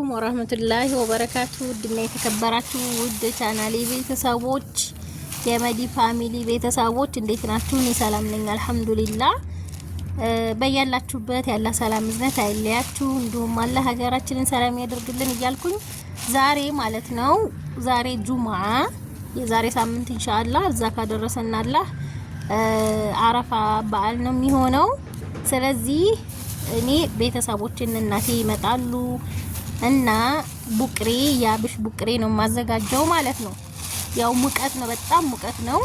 አለይኩም ወራህመቱላሂ ወበረካቱ ውድና የተከበራችሁ ውድ ቻናሌ ቤተሰቦች የመዲ ፋሚሊ ቤተሰቦች እንዴት ናችሁ? እኔ ሰላም ነኝ አልሐምዱሊላ። በያላችሁበት ያላ ሰላም እዝነት አይለያችሁ፣ እንዲሁም አለ ሀገራችንን ሰላም ያደርግልን እያልኩኝ ዛሬ ማለት ነው ዛሬ ጁማ የዛሬ ሳምንት ኢንሻአላ እዛ ካደረሰና አረፋ በዓል ነው የሚሆነው። ስለዚህ እኔ ቤተሰቦችን እናቴ ይመጣሉ እና ቡቅሬ የአብሽ ቡቅሬ ነው የማዘጋጀው ማለት ነው። ያው ሙቀት ነው፣ በጣም ሙቀት ነው።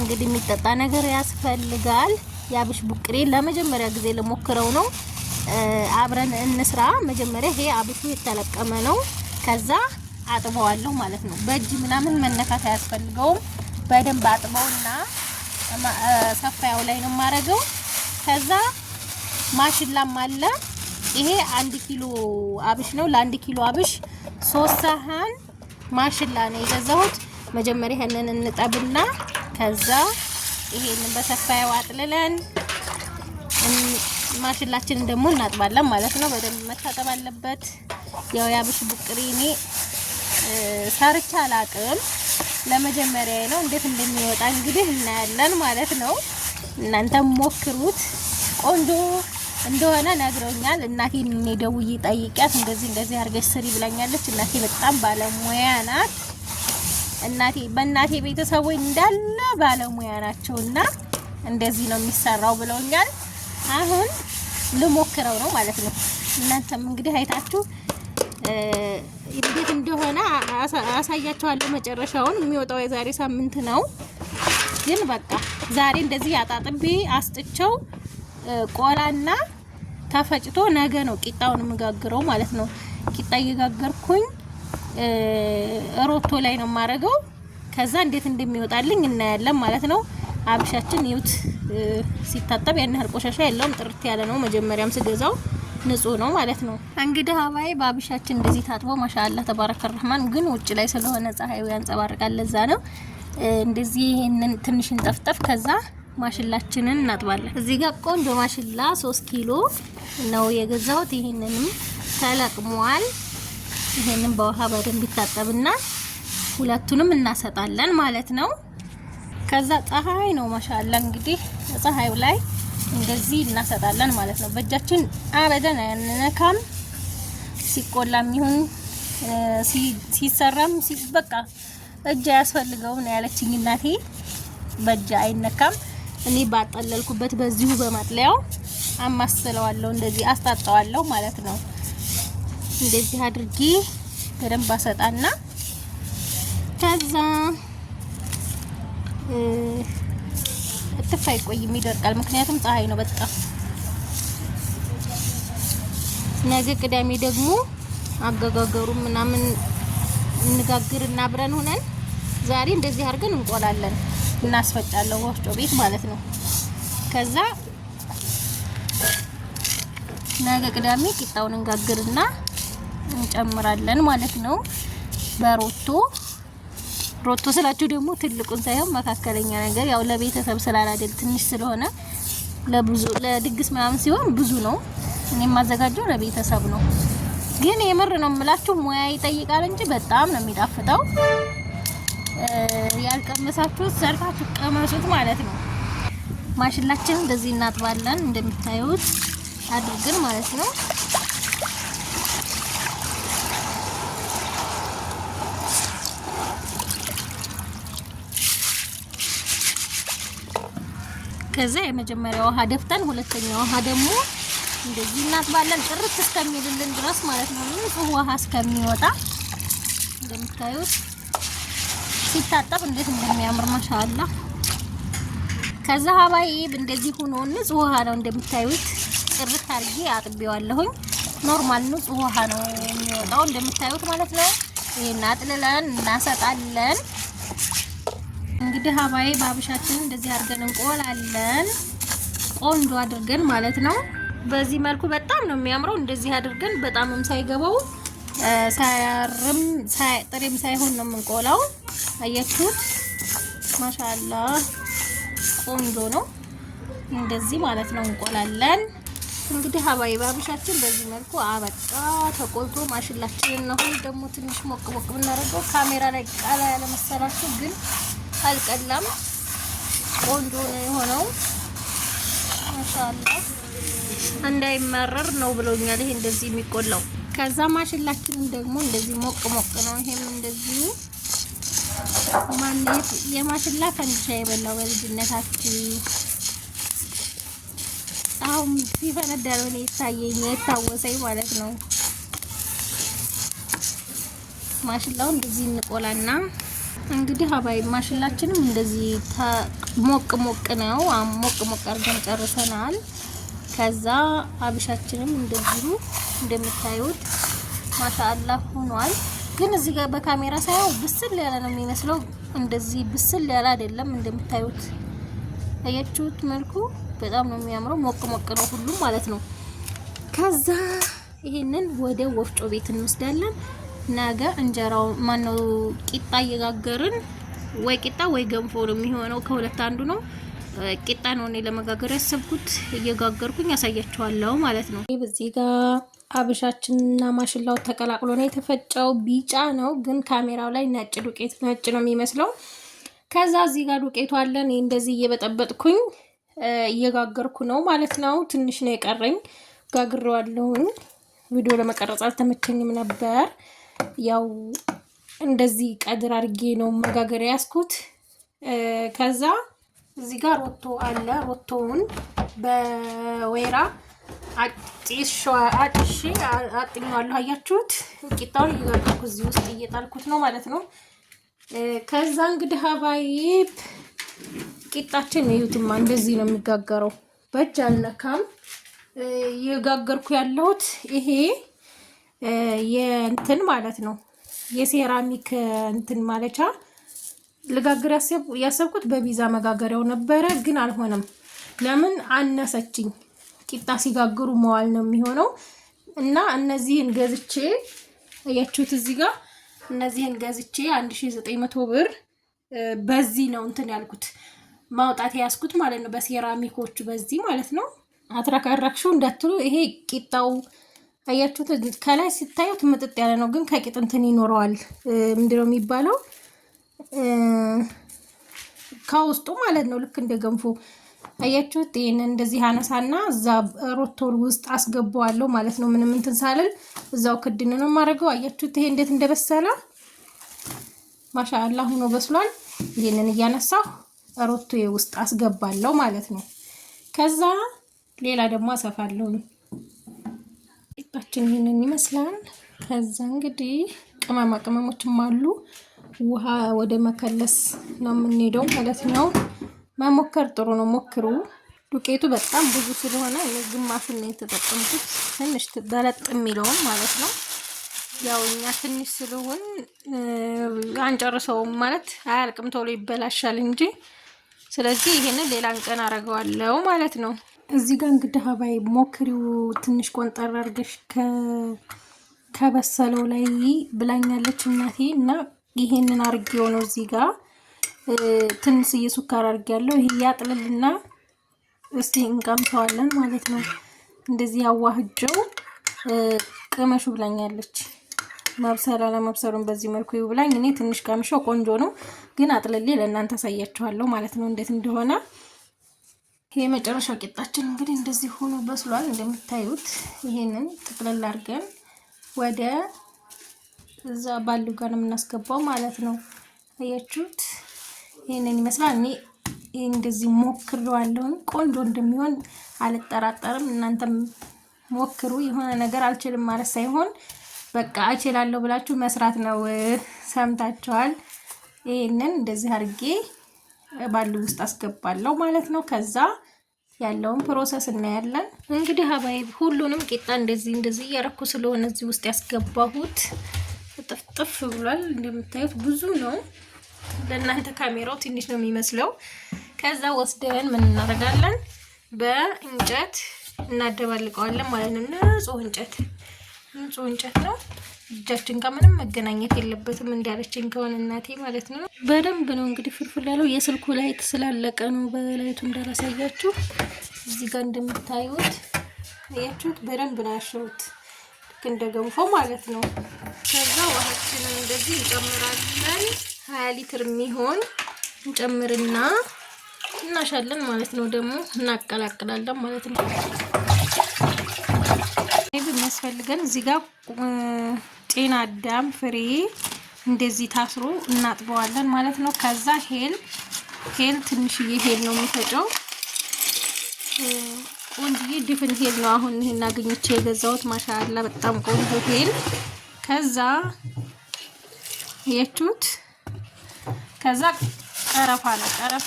እንግዲህ የሚጠጣ ነገር ያስፈልጋል። የአብሽ ቡቅሬ ለመጀመሪያ ጊዜ ልሞክረው ነው። አብረን እንስራ። መጀመሪያ ይሄ አብሹ የተለቀመ ነው። ከዛ አጥበዋለሁ ማለት ነው። በእጅ ምናምን መነካት አያስፈልገውም። በደንብ አጥበውና ሰፋያው ላይ ነው የማረገው። ከዛ ማሽላም አለ ይሄ አንድ ኪሎ አብሽ ነው። ለአንድ ኪሎ አብሽ ሶስት ሳህን ማሽላ ነው የገዛሁት። መጀመሪያ ይሄንን እንጠብና ከዛ ይሄንን በሰፋያው አጥልለን ማሽላችንን ደግሞ እናጥባለን ማለት ነው። በደንብ መታጠብ አለበት። ያው የአብሽ ቡቅሪ እኔ ሰርቻ አላቅም፣ ለመጀመሪያ ነው። እንዴት እንደሚወጣ እንግዲህ እናያለን ማለት ነው። እናንተም ሞክሩት ቆንጆ እንደሆነ ነግረውኛል። እናቴ እኔ ደውዬ ጠይቂያት እንደዚህ እንደዚህ አድርገሽ ስሪ ብላኛለች። እናቴ በጣም ባለሙያ ናት። እናቴ በእናቴ ቤተሰቦች እንዳለ ባለሙያ ናቸውና እንደዚህ ነው የሚሰራው ብለውኛል። አሁን ልሞክረው ነው ማለት ነው። እናንተም እንግዲህ አይታችሁ እንዴት እንደሆነ አሳያችኋለሁ። መጨረሻውን የሚወጣው የዛሬ ሳምንት ነው። ግን በቃ ዛሬ እንደዚህ አጣጥቤ አስጥቸው ቆላና ተፈጭቶ ነገ ነው ቂጣውን የምጋግረው ማለት ነው። ቂጣ እየጋገርኩኝ ሮቶ ላይ ነው የማደርገው። ከዛ እንዴት እንደሚወጣልኝ እናያለን ማለት ነው። አብሻችን ይውት ሲታጠብ ያን ያህል ቆሻሻ ያለውም ጥርት ያለ ነው። መጀመሪያም ስገዛው ንጹህ ነው ማለት ነው። እንግዲህ ሀባይ በአብሻችን እንደዚህ ታጥቦ ማሻአላ ተባረከ ረህማን። ግን ውጭ ላይ ስለሆነ ፀሐዩ ያንጸባርቃል፣ ለዛ ነው እንደዚህ። ይሄንን ትንሽ እንጠፍጠፍ ከዛ ማሽላችንን እናጥባለን። እዚህ ጋር ቆንጆ ማሽላ ሶስት ኪሎ ነው የገዛሁት። ይሄንንም ተለቅሟል። ይሄንን በውሃ በደንብ ይታጠብና ሁለቱንም እናሰጣለን ማለት ነው። ከዛ ፀሐይ ነው ማሻላ እንግዲህ ፀሐዩ ላይ እንደዚህ እናሰጣለን ማለት ነው። በእጃችን አበደን አንነካም። ሲቆላም ይሁን ሲሰራም በቃ እጅ አያስፈልገውም ያለችኝ እናቴ በእጅ አይነካም። እኔ ባጠለልኩበት በዚሁ በማጥለያው አማስለዋለሁ። እንደዚህ አስታጠዋለሁ ማለት ነው። እንደዚህ አድርጌ በደንብ አሰጣና ከዛ እትፍ አይቆይም፣ ይደርቃል። ምክንያቱም ፀሐይ ነው በጣም ነገ ቅዳሜ ደግሞ አገጋገሩ ምናምን እንጋግርና አብረን ሆነን ዛሬ እንደዚህ አድርገን እንቆላለን። እናስፈጫለሁ ወፍጮ ቤት ማለት ነው። ከዛ ነገ ቅዳሜ ቂጣውን እንጋግርና እንጨምራለን ማለት ነው በሮቶ ሮቶ ስላችሁ ደግሞ ትልቁን ሳይሆን መካከለኛ ነገር ያው ለቤተሰብ ስላላደግ ትንሽ ስለሆነ ለብዙ ለድግስ ምናምን ሲሆን ብዙ ነው። እኔ የማዘጋጀው ለቤተሰብ ነው። ግን የምር ነው የምላችሁ ሙያ ይጠይቃል እንጂ በጣም ነው የሚጣፍጠው። ያልቀመሳችሁት ሰርታችሁ ቀመሱት ማለት ነው። ማሽላችን እንደዚህ እናጥባለን እንደምታዩት አድርገን ማለት ነው። ከዛ የመጀመሪያ ውሃ ደፍተን ሁለተኛ ውሃ ደግሞ እንደዚህ እናጥባለን ጥርት እስከሚልልን ድረስ ማለት ነው። ንጹህ ውሃ እስከሚወጣ እንደምታዩት ሲታጠብ እንዴት እንደሚያምር ማሻአላ። ከዛ ሀባይ እንደዚህ ሆኖ ንጹህ ውሃ ነው እንደምታዩት። ጥርት አድርጌ አጥቤዋለሁኝ። ኖርማል ንጹህ ውሃ ነው የሚወጣው እንደምታዩት ማለት ነው። ይሄን አጥልለን እናሰጣለን። እንግዲህ ሀባይ ባብሻችን እንደዚህ አድርገን እንቆላለን፣ ቆንጆ አድርገን ማለት ነው። በዚህ መልኩ በጣም ነው የሚያምረው። እንደዚህ አድርገን በጣምም ሳይገባው ሳያርም ጥሬም ሳይሆን ነው የምንቆላው። አያችሁት? ማሻላ ቆንጆ ነው። እንደዚህ ማለት ነው እንቆላለን። እንግዲህ ሀባይ ባብሻችን በዚህ መልኩ አበቃ ተቆልቶ ማሽላችንን ነው ደግሞ ትንሽ ሞቅ ሞቅ ብናደርገው ካሜራ ላይ ቃላ ያለ መሰላችሁ፣ ግን አልቀላም። ቆንጆ ነው የሆነው ማሻላ። እንዳይመረር ነው ብሎኛል። ይሄ እንደዚህ የሚቆላው ከዛ ማሽላችንን ደግሞ እንደዚህ ሞቅ ሞቅ ነው። ይሄም እንደዚህ ማለት የማሽላ ፈንዲሻ የበላው በልጅነታችን አሁን ሲፈነዳ ነው እኔ የታወሰኝ ማለት ነው። ማሽላውን እንደዚህ እንቆላና እንግዲህ ሀባይ ማሽላችንም እንደዚህ ሞቅ ሞቅ ነው። ሞቅ ሞቅ አድርገን ጨርሰናል። ከዛ አብሻችንም እንደዚሁ እንደምታዩት ማሻአላ ሆኗል። ግን እዚህ ጋር በካሜራ ሳየው ብስል ያለ ነው የሚመስለው። እንደዚህ ብስል ያለ አይደለም እንደምታዩት፣ አያችሁት? መልኩ በጣም ነው የሚያምረው። ሞቅ ሞቅ ነው ሁሉም ማለት ነው። ከዛ ይሄንን ወደ ወፍጮ ቤት እንወስዳለን። ነገ እንጀራው ማነው ቂጣ እየጋገርን ወይ ቂጣ ወይ ገንፎ ነው የሚሆነው። ከሁለት አንዱ ነው። ቂጣ ነው እኔ ለመጋገር ያሰብኩት። እየጋገርኩኝ ያሳያችኋለሁ ማለት ነው። በዚህ ጋር አብሻችንና ማሽላው ተቀላቅሎ ነው የተፈጨው። ቢጫ ነው ግን ካሜራው ላይ ነጭ ዱቄት ነጭ ነው የሚመስለው። ከዛ እዚህ ጋር ዱቄቱ አለን። እንደዚህ እየበጠበጥኩኝ እየጋገርኩ ነው ማለት ነው። ትንሽ ነው የቀረኝ ጋግረዋለሁኝ። ቪዲዮ ለመቀረጽ አልተመቸኝም ነበር። ያው እንደዚህ ቀድር አድርጌ ነው መጋገር ያስኩት። ከዛ እዚህ ጋር ሮቶ አለ። ሮቶውን በወይራ አጢሽ አጥኛዋለሁ። አያችሁት? ቂጣውን እየጋገርኩ እዚህ ውስጥ እየጣልኩት ነው ማለት ነው። ከዛ እንግዲህ ሀባይብ ቂጣችን እዩትማ፣ እንደዚህ ነው የሚጋገረው። በእጅ አልነካም። እየጋገርኩ ያለሁት ይሄ የእንትን ማለት ነው የሴራሚክ እንትን ማለቻ ልጋግር ያሰብኩት በቢዛ መጋገሪያው ነበረ፣ ግን አልሆነም። ለምን አነሰችኝ? ቂጣ ሲጋግሩ መዋል ነው የሚሆነው እና እነዚህን ገዝቼ እያችሁት እዚህ ጋር እነዚህን ገዝቼ 1900 ብር በዚህ ነው እንትን ያልኩት ማውጣት ያስኩት ማለት ነው። በሴራሚኮቹ በዚህ ማለት ነው። አትረካረክሽው እንዳትሉ ይሄ ቂጣው አያችሁት፣ ከላይ ሲታዩት ምጥጥ ያለ ነው፣ ግን ከቂጥ እንትን ይኖረዋል። ምንድነው የሚባለው? ከውስጡ ማለት ነው ልክ እንደ ገንፎ አያችሁት? ይህን እንደዚህ አነሳና እዛ ሮቶር ውስጥ አስገባዋለሁ ማለት ነው። ምንም እንትን ሳልል እዛው ክድን ነው ማድረገው። አያችሁት? ይሄ እንዴት እንደበሰለ ማሻአላ ሆኖ በስሏል። ይህንን እያነሳሁ ሮቶ ውስጥ አስገባለሁ ማለት ነው። ከዛ ሌላ ደግሞ አሰፋለሁ። ጣችን ይህንን ይመስላል። ከዛ እንግዲህ ቅመማ ቅመሞችም አሉ። ውሃ ወደ መከለስ ነው የምንሄደው ማለት ነው። መሞከር ጥሩ ነው፣ ሞክሩ። ዱቄቱ በጣም ብዙ ስለሆነ ግማሹን ነው የተጠቀምኩት፣ ትንሽ በለጥ የሚለውን ማለት ነው። ያው እኛ ትንሽ ስለሆን አንጨርሰውም ማለት አያልቅም፣ ቶሎ ይበላሻል እንጂ። ስለዚህ ይሄንን ሌላን ቀን አረገዋለሁ ማለት ነው። እዚህ ጋር እንግዲህ ባይ ሞክሪው፣ ትንሽ ቆንጠር አድርገሽ ከበሰለው ላይ ብላኛለች እናቴ እና ይሄንን አርጌው ነው እዚህ ጋር ትንሽዬ ስኳር አድርጌያለሁ። ይሄ ያጥልልና እስቲ እንቀምተዋለን ማለት ነው። እንደዚህ ያዋህጀው ቅመሹ ብላኛለች። መብሰል አለመብሰሉን በዚህ መልኩ ይብላኝ። እኔ ትንሽ ቀምሸው ቆንጆ ነው፣ ግን አጥልሌ ለእናንተ አሳያችኋለሁ ማለት ነው እንዴት እንደሆነ። ይሄ የመጨረሻው ቂጣችን እንግዲህ እንደዚህ ሆኖ በስሏል እንደምታዩት። ይሄንን ጥቅልል አድርገን ወደ እዛ ባሉ ጋር ነው የምናስገባው ማለት ነው። አያችሁት? ይህንን ይመስላል። እኔ እንደዚህ ሞክሬዋለሁኝ። ቆንጆ እንደሚሆን አልጠራጠርም። እናንተም ሞክሩ። የሆነ ነገር አልችልም ማለት ሳይሆን በቃ እችላለሁ ብላችሁ መስራት ነው። ሰምታችኋል። ይህንን እንደዚህ አድርጌ ባሉ ውስጥ አስገባለሁ ማለት ነው። ከዛ ያለውን ፕሮሰስ እናያለን። እንግዲህ ሀባይ ሁሉንም ቂጣ እንደዚህ እንደዚህ እያረኩ ስለሆነ እዚህ ውስጥ ያስገባሁት ጥፍጥፍ ብሏል። እንደምታዩት ብዙ ነው። ለእናንተ ካሜራው ትንሽ ነው የሚመስለው። ከዛ ወስደን ምን እናደርጋለን? በእንጨት እናደባልቀዋለን ማለት ነው። ንጹህ እንጨት ንጹህ እንጨት ነው። እጃችን ጋር ምንም መገናኘት የለበትም እንዳለችን ከሆነ እናቴ ማለት ነው። በደንብ ነው እንግዲህ ፍርፍር ያለው የስልኩ ላይት ስላለቀ ነው። በላይቱ እንዳላሳያችሁ እዚህ ጋር እንደምታዩት አያችሁት? በደንብ ነው ያሸሁት፣ ልክ እንደ ገንፎ ማለት ነው። ከዛ ውሃችንን እንደዚህ እንጨምራለን ሀያ ሊትር የሚሆን እንጨምርና እናሻለን ማለት ነው። ደግሞ እናቀላቅላለን ማለት ነው። የሚያስፈልገን እዚህ ጋር ጤና አዳም ፍሬ እንደዚህ ታስሮ እናጥበዋለን ማለት ነው። ከዛ ሄል ሄል ትንሽዬ ሄል ነው የሚፈጨው ቆንጅዬ ድፍን ሄል ነው። አሁን ይሄን አገኘቼ የገዛሁት ማሻአላ በጣም ቆንጆ ሄል ከዛ የቹት ከዛ ቀረፋ ነው። ቀረፋ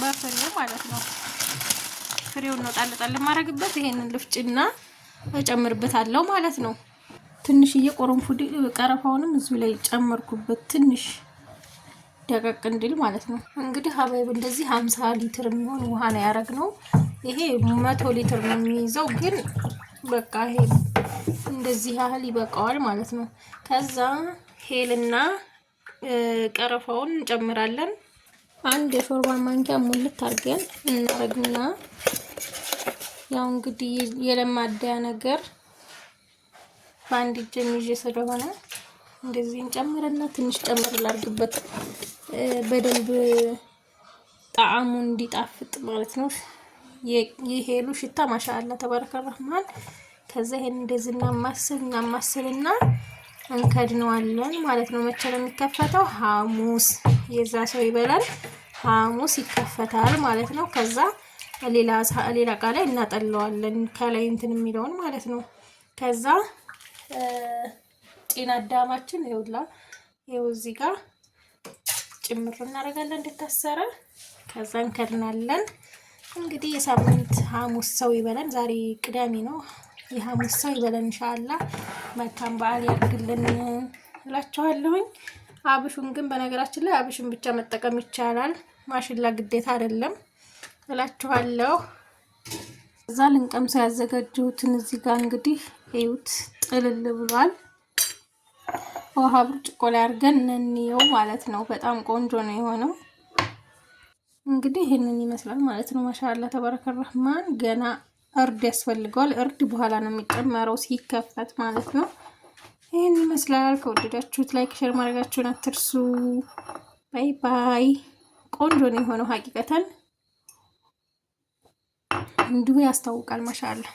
በፍሬው ማለት ነው። ፍሬውን ነው ጣል ጣል የማደርግበት። ይሄንን ልፍጭና እጨምርበታለሁ ማለት ነው። ትንሽዬ ቆረንፉድ ቀረፋውንም እዚሁ ላይ ጨመርኩበት ትንሽ ደቀቅ እንድል ማለት ነው። እንግዲህ ሀባይብ እንደዚህ ሀምሳ ሊትር የሚሆን ውሃ ነው ያደረግነው። ይሄ መቶ ሊትር ነው የሚይዘው፣ ግን በቃ ይሄ እንደዚህ ያህል ይበቃዋል ማለት ነው። ከዛ ሄልና ቀረፋውን እንጨምራለን። አንድ የሾርባ ማንኪያ ሙልት አድርገን እናረግና ያው እንግዲህ የለማዳያ ነገር በአንድ እጅ ይዤ ስለሆነ እንደዚህ እንጨምርና ትንሽ ጨምር ላርግበት በደንብ ጣዕሙ እንዲጣፍጥ ማለት ነው። የሄሉ ሽታ ማሻአላ ተባረከ ረህማን። ከዛ ይሄን እንደዚህ እናማስል እናማስልና እንከድነዋለን ማለት ነው። መቼ ነው የሚከፈተው? ሐሙስ የዛ ሰው ይበላል። ሐሙስ ይከፈታል ማለት ነው። ከዛ ሌላ ሌላ እቃ ላይ እናጠለዋለን ከላይ እንትን የሚለውን ማለት ነው። ከዛ ጤና አዳማችን ይውላ ይው እዚህ ጋር ጭምር እናደርጋለን እንድታሰረ። ከዛ እንከድናለን። እንግዲህ የሳምንት ሐሙስ ሰው ይበላል። ዛሬ ቅዳሜ ነው። የሐሙስ ሰው ይበለን እንሻላ። መልካም በዓል ያድርግልን እላችኋለሁኝ። አብሹን ግን በነገራችን ላይ አብሽን ብቻ መጠቀም ይቻላል፣ ማሽላ ግዴታ አይደለም እላችኋለሁ። እዛ ልንቀምሰ ያዘጋጀሁትን እዚህ ጋር እንግዲህ እዩት፣ ጥልል ብሏል። ውሃ ብርጭቆ ላይ አድርገን እንየው ማለት ነው። በጣም ቆንጆ ነው የሆነው። እንግዲህ ይህንን ይመስላል ማለት ነው። ማሻላ ተባረከ ረህማን ገና እርድ ያስፈልገዋል። እርድ በኋላ ነው የሚጨመረው ሲከፈት ማለት ነው። ይህን ይመስላል። ከወደዳችሁት ላይክ፣ ሸር ማድረጋችሁን አትርሱ። ባይ ባይ። ቆንጆ ነው የሆነው ሀቂቀተን እንዲሁ ያስታውቃል። ማሻአላ